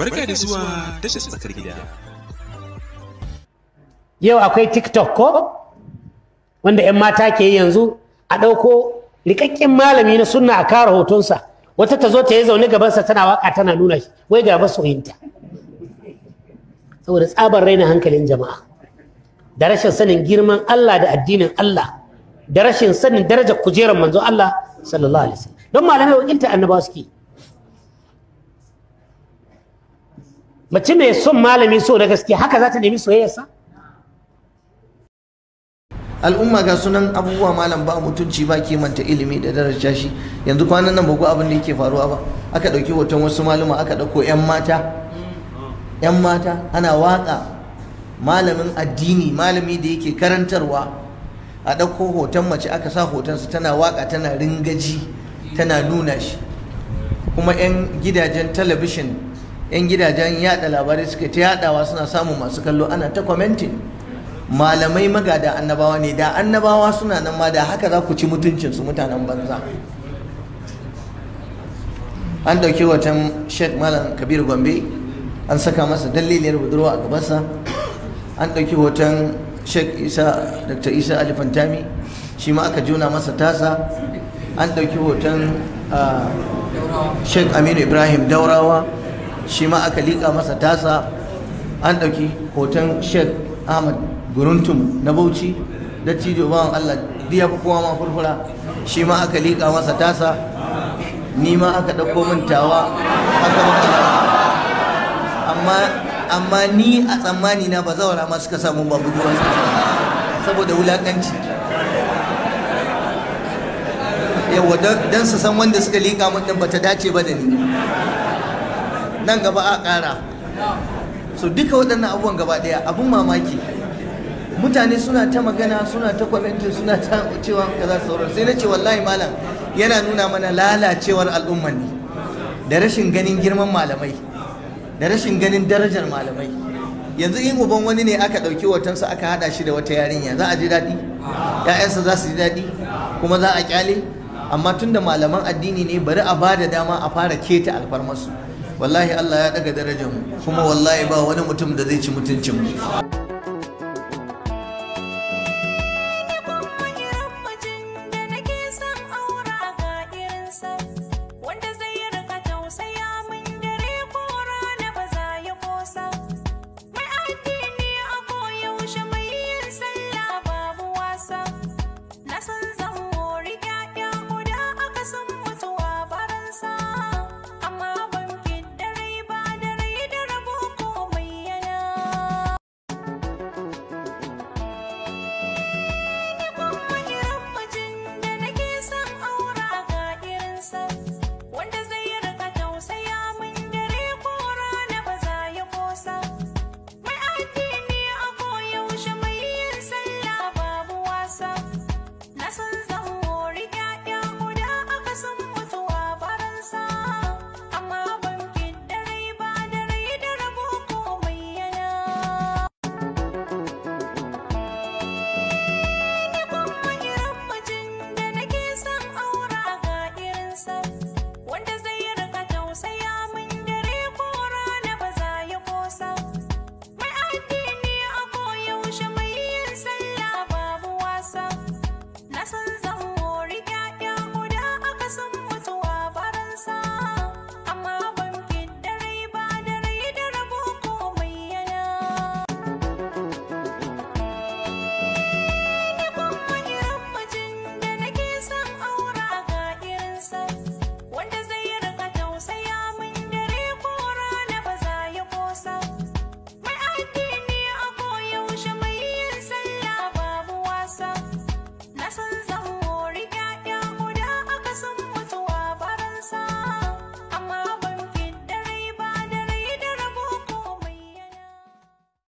Barka da zuwa tashar tsakar gida. Yau akwai TikTok ko? Wanda 'yan mata ke yi yanzu a ɗauko rikakken malami na sunna a kara hotonsa. Wata ta zo ta yi zaune gabansa tana waka tana nuna shi, wai ga masoyinta. Saboda tsabar raina hankalin jama'a. Da rashin sanin girman Allah da addinin Allah. Da rashin sanin darajar kujerar manzo Allah sallallahu alaihi wasallam. Don malamai wakilta annabawa suke. mace mai son malami so da gaske haka za ta nemi soyayyarsa al'umma ga sunan abubuwa malam ba mutunci ba kimanta ilimi da daraja shi yanzu kwanan nan bago abin da yake faruwa ba aka ɗauki hoton wasu maluma aka ɗauko 'yan mata 'yan mata ana waka malamin addini malami da yake karantarwa a ɗauko hoton mace aka sa hotonsa tana waka tana ringaji tana nuna shi kuma 'yan gidajen talabishin yan gidajen yada labarai suka ta yadawa suna samun masu kallo ana ta commenting malamai magada annabawa ne da annabawa suna nan ma da haka za ku ci mutuncin su mutanen banza an ɗauki watan sheikh malam kabir gombe an saka masa daliliyar budurwa a gabansa an ɗauki hoton sheikh isa dr isa ali fantami shi ma aka juna masa tasa an ɗauki hoton ah, sheikh aminu ibrahim daurawa shi ma aka liƙa masa tasa an ɗauki hoton shek ahmad guruntum na bauchi da cijo bawan allah diya kowa ma furfura shi ma aka liƙa masa tasa ni ma aka ɗauko mintawa, aka aka amma amma ni a tsammani na ba zawara ma suka samu ba budurwa saboda wulaƙanci yawa don su san wanda suka liƙa min ba ta dace ba da ni nan gaba a ƙara so duka waɗannan abubuwan gaba ɗaya abin mamaki mutane suna ta magana suna ta kwamenti suna ta cewa kaza sauran sai na ce wallahi malam yana nuna mana lalacewar al'umman da rashin ganin girman malamai da rashin ganin darajar malamai yanzu in uban wani ne aka ɗauki watansa aka haɗa shi da wata yarinya za a ji daɗi ‘ya'yansa za su ji daɗi kuma za a ƙyale amma tunda malaman addini ne bari a ba da dama a fara keta alfarmarsu wallahi Allah ya daga darajar mu kuma wallahi ba wani mutum da zai ci mutuncin mu